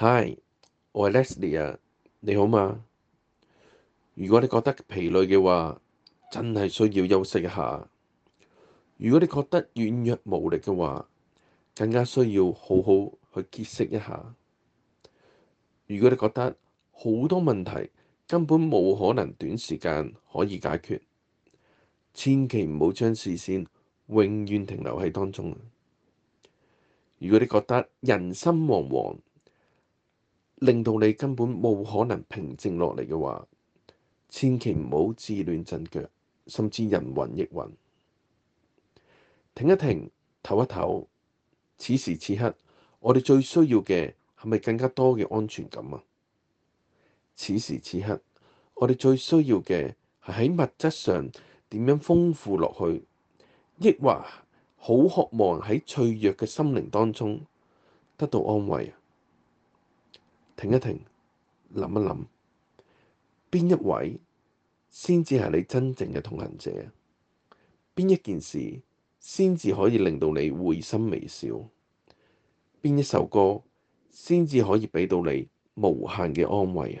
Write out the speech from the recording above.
嗨，Hi, 我係 Leslie 啊，你好嗎？如果你覺得疲累嘅話，真係需要休息一下。如果你覺得軟弱無力嘅話，更加需要好好去歇息一下。如果你覺得好多問題根本冇可能短時間可以解決，千祈唔好將視線永遠停留喺當中。如果你覺得人心惶惶，令到你根本冇可能平靜落嚟嘅話，千祈唔好自亂陣腳，甚至人云亦云。停一停，唞一唞。此時此刻，我哋最需要嘅係咪更加多嘅安全感啊？此時此刻，我哋最需要嘅係喺物質上點樣豐富落去，抑或好渴望喺脆弱嘅心靈當中得到安慰？停一停，諗一諗，邊一位先至係你真正嘅同行者？邊一件事先至可以令到你會心微笑？邊一首歌先至可以畀到你無限嘅安慰？